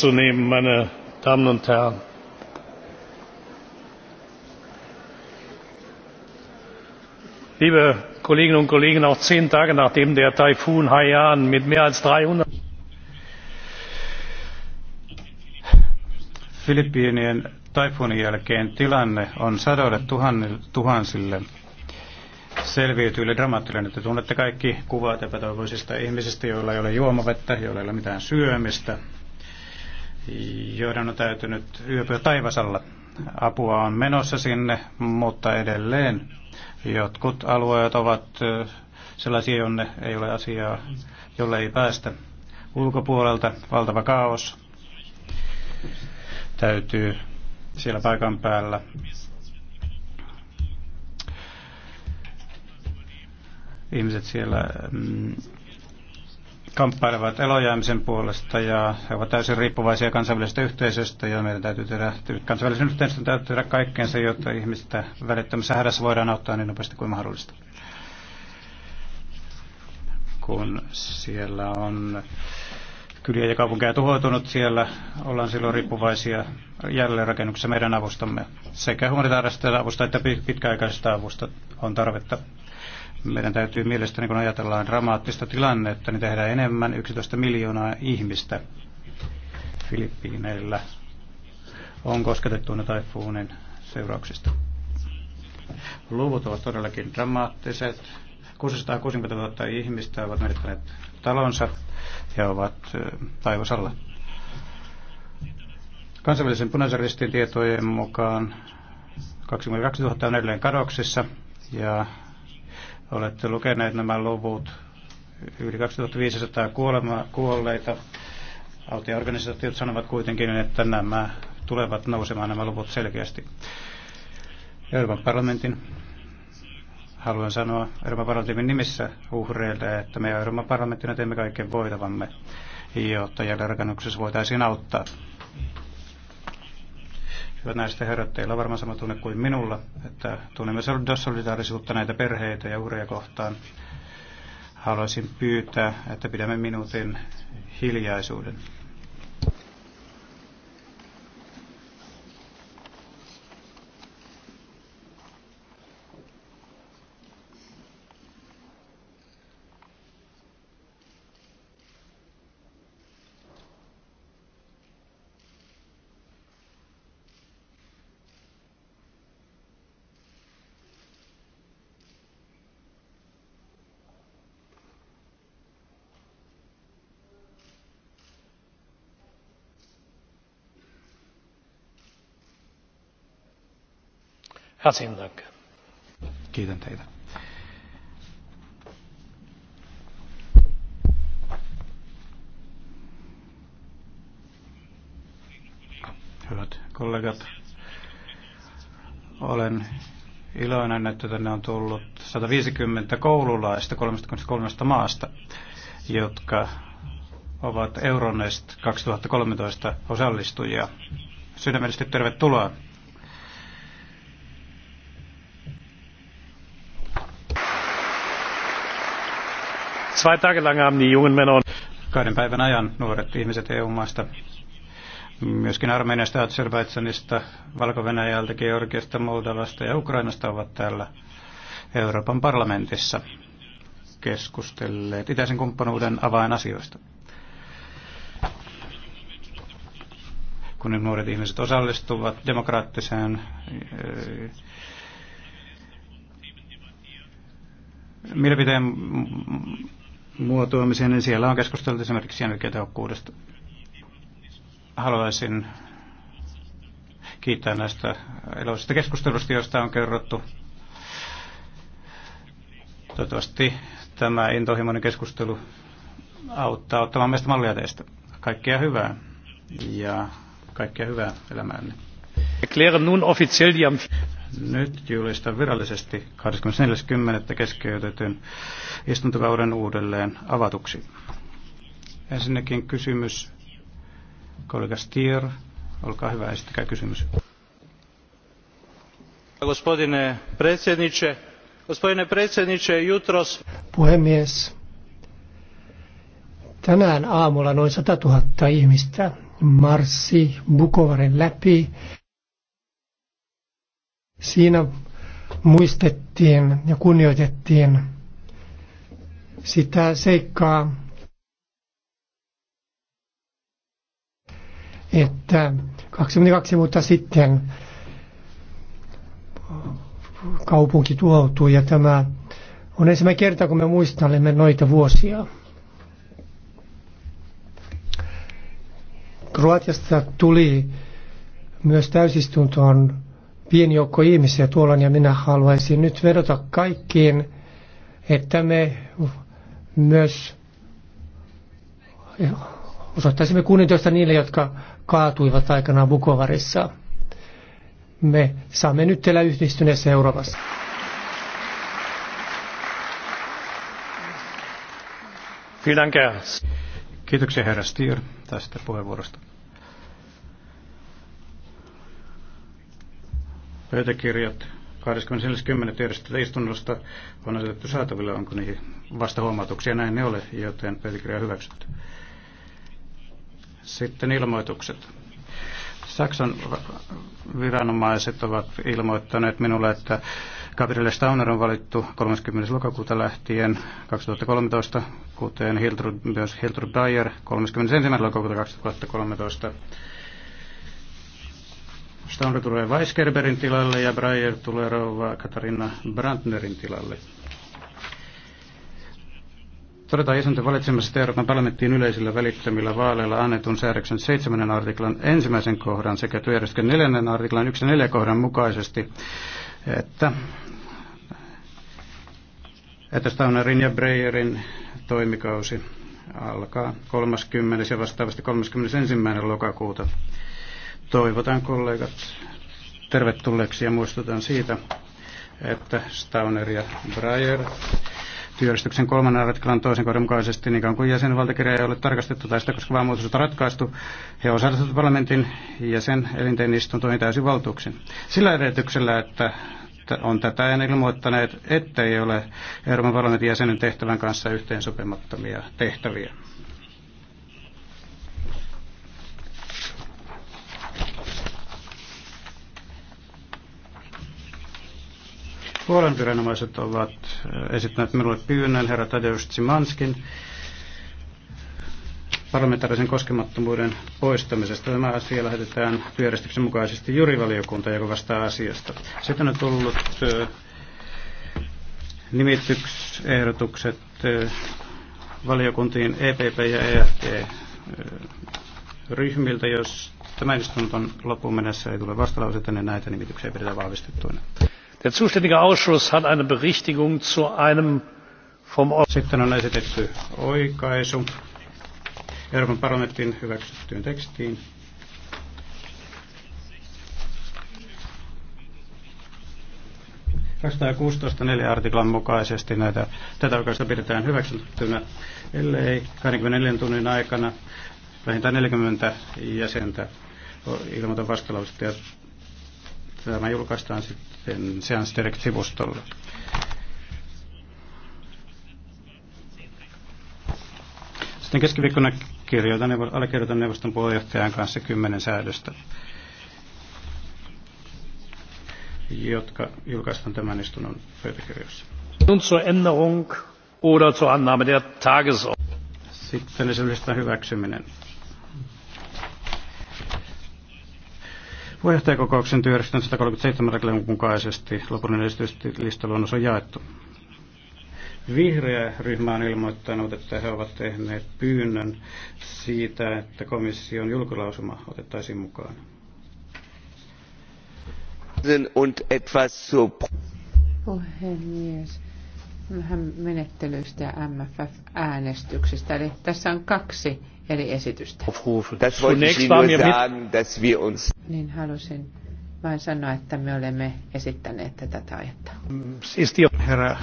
zu nehmen meine damen und herren! liebe kolleginnen und kollegen! auch zehn tage nachdem der taifun haiyan mit mehr als dreihundert philippinen taifunin jälkeen tilanne on sadoilletuhansille selviytyjille dramaattinen, Te tunnette kaikki kuvat epätoivoisista ihmisistä, joilla ei ole juomavettä, joilla ei ole mitään syömistä, joiden on täytynyt yöpyä taivasalla. Apua on menossa sinne, mutta edelleen jotkut alueet ovat sellaisia, jonne ei ole asiaa, jolle ei päästä. Ulkopuolelta valtava kaos täytyy siellä paikan päällä ihmiset siellä mm, kamppailevat elojäämisen puolesta ja he ovat täysin riippuvaisia kansainvälisestä yhteisöstä ja meidän täytyy tehdä, kansainvälisen yhteisön täytyy tehdä kaikkeensa, jotta ihmistä välittömässä hädässä voidaan auttaa niin nopeasti kuin mahdollista. Kun siellä on kyliä ja kaupunkeja tuhoutunut, siellä ollaan silloin riippuvaisia jälleenrakennuksessa meidän avustamme. Sekä humanitaarista avusta että pitkäaikaisesta avusta on tarvetta meidän täytyy mielestäni, kun ajatellaan dramaattista tilannetta, niin tehdään enemmän 11 miljoonaa ihmistä Filippiineillä on kosketettuina taifuunin seurauksista. Luvut ovat todellakin dramaattiset. 660 000 ihmistä ovat menettäneet talonsa ja ovat taivasalla. Kansainvälisen punaisen ristin tietojen mukaan 22 000 on edelleen kadoksissa ja Olette lukeneet nämä luvut. Yli 2500 kuolema, kuolleita. Autiorganisaatiot sanovat kuitenkin, että nämä tulevat nousemaan nämä luvut selkeästi. Euroopan parlamentin haluan sanoa Euroopan parlamentin nimissä uhreille, että me Euroopan parlamenttina teemme kaiken voitavamme, jotta jälleenrakennuksessa voitaisiin auttaa. Hyvät naiset ja herrat, teillä on varmaan sama tunne kuin minulla, että tunnemme solidaarisuutta näitä perheitä ja uhreja kohtaan. Haluaisin pyytää, että pidämme minuutin hiljaisuuden. Herzlichen Dank. Kiitän teitä. Hyvät kollegat, olen iloinen, että tänne on tullut 150 koululaista 33 maasta, jotka ovat Euronest 2013 osallistujia. Sydämellisesti tervetuloa. Zwei Tage lang haben die jungen Männer Kahden päivän ajan nuoret ihmiset eu maista myöskin Armeniasta, Azerbaidsanista, Valko-Venäjältä, Georgiasta, Moldovasta ja Ukrainasta ovat täällä Euroopan parlamentissa keskustelleet itäisen kumppanuuden avainasioista. Kun nuoret ihmiset osallistuvat demokraattiseen eh, mielipiteen muotoamiseen, niin siellä on keskusteltu esimerkiksi energiatehokkuudesta. Haluaisin kiittää näistä iloisista keskustelusta, joista on kerrottu. Toivottavasti tämä intohimoinen keskustelu auttaa ottamaan meistä mallia teistä. Kaikkea hyvää ja kaikkea hyvää elämäänne. Erklären nun offiziell die am nyt julistan virallisesti 24.10. keskeytetyn istuntokauden uudelleen avatuksi. Ensinnäkin kysymys kollega Stier. Olkaa hyvä, esittäkää kysymys. Gospodine predsjedniče, gospodine predsjedniče, jutros... Puhemies, tänään aamulla noin 100 000 ihmistä marssi Bukovaren läpi Siinä muistettiin ja kunnioitettiin sitä seikkaa, että 22 vuotta sitten kaupunki tuhoutui ja tämä on ensimmäinen kerta, kun me muistelemme noita vuosia. Kroatiasta tuli myös täysistuntoon pieni joukko ihmisiä tuolla, ja minä haluaisin nyt vedota kaikkiin, että me myös osoittaisimme kunnitoista niille, jotka kaatuivat aikanaan Bukovarissa. Me saamme nyt elää yhdistyneessä Euroopassa. Kiitoksia herra Stier tästä puheenvuorosta. Pöytäkirjat 24.10. istunnosta on asetettu saatavilla Onko niihin vasta huomautuksia? Näin ne ole, joten pöytäkirja on hyväksytty. Sitten ilmoitukset. Saksan viranomaiset ovat ilmoittaneet minulle, että Gabriele Stauner on valittu 30. lokakuuta lähtien 2013, kuten Hildur myös Hildur Dyer 31. lokakuuta 2013. Stauner tulee Weisgerberin tilalle ja Breyer tulee rouva Katarina Brandnerin tilalle. Todetaan jäsenten valitsemassa Euroopan parlamenttiin yleisillä välittömillä vaaleilla annetun säädöksen 7. artiklan ensimmäisen kohdan sekä työjärjestön 4. artiklan 4 kohdan mukaisesti, että, että Staunerin ja Breyerin toimikausi alkaa 30. ja vastaavasti 31. lokakuuta Toivotan kollegat tervetulleeksi ja muistutan siitä, että Stauner ja Breyer työjärjestyksen kolmannen artiklan toisen kohdan mukaisesti, niin kauan kuin jäsenvaltakirja ei ole tarkastettu tai sitä koskevaa muutosta ratkaistu, he osallistuvat parlamentin jäsen elinten istuntoihin täysin valtuuksin. Sillä edellytyksellä, että on tätä ajan ilmoittaneet, ettei ole Euroopan parlamentin jäsenen tehtävän kanssa yhteensopimattomia tehtäviä. Puolan viranomaiset ovat äh, esittäneet minulle pyynnön herra Tadeusz Tsimanskin parlamentaarisen koskemattomuuden poistamisesta. Tämä asia lähetetään pyöristyksen mukaisesti jurivaliokuntaan, joka vastaa asiasta. Sitten on tullut äh, nimityksehdotukset äh, valiokuntiin EPP ja EFT ryhmiltä, jos tämä on loppuun mennessä ei tule vastalauseita, niin näitä nimityksiä pidetään vahvistettuina der zuständige ausschuss hat eine berichtigung zu einem vom Sitten on esitetty oikaisu Euroopan parlamentin hyväksyttyyn tekstiin. neljä artiklan mukaisesti näitä, tätä oikeasta pidetään hyväksyttynä, ellei 24 tunnin aikana vähintään 40 jäsentä ilmoita vastalausetta ja Tämä julkaistaan sitten Seans Direct-sivustolla. Sitten keskiviikkona kirjoitan, allekirjoitan neuvoston puheenjohtajan kanssa kymmenen säädöstä, jotka julkaistaan tämän istunnon pöytäkirjassa. Sitten esimerkiksi hyväksyminen. Puheenjohtajakokouksen työjärjestön 137 reklamin mukaisesti lopullinen esityslistaluonnos on jaettu. Vihreä ryhmä on ilmoittanut, että he ovat tehneet pyynnön siitä, että komission julkilausuma otettaisiin mukaan. Puhemies vähän menettelyistä ja MFF-äänestyksestä. Eli tässä on kaksi eri esitystä. Niin halusin vain sanoa, että me olemme esittäneet tätä aihetta. Siis Herra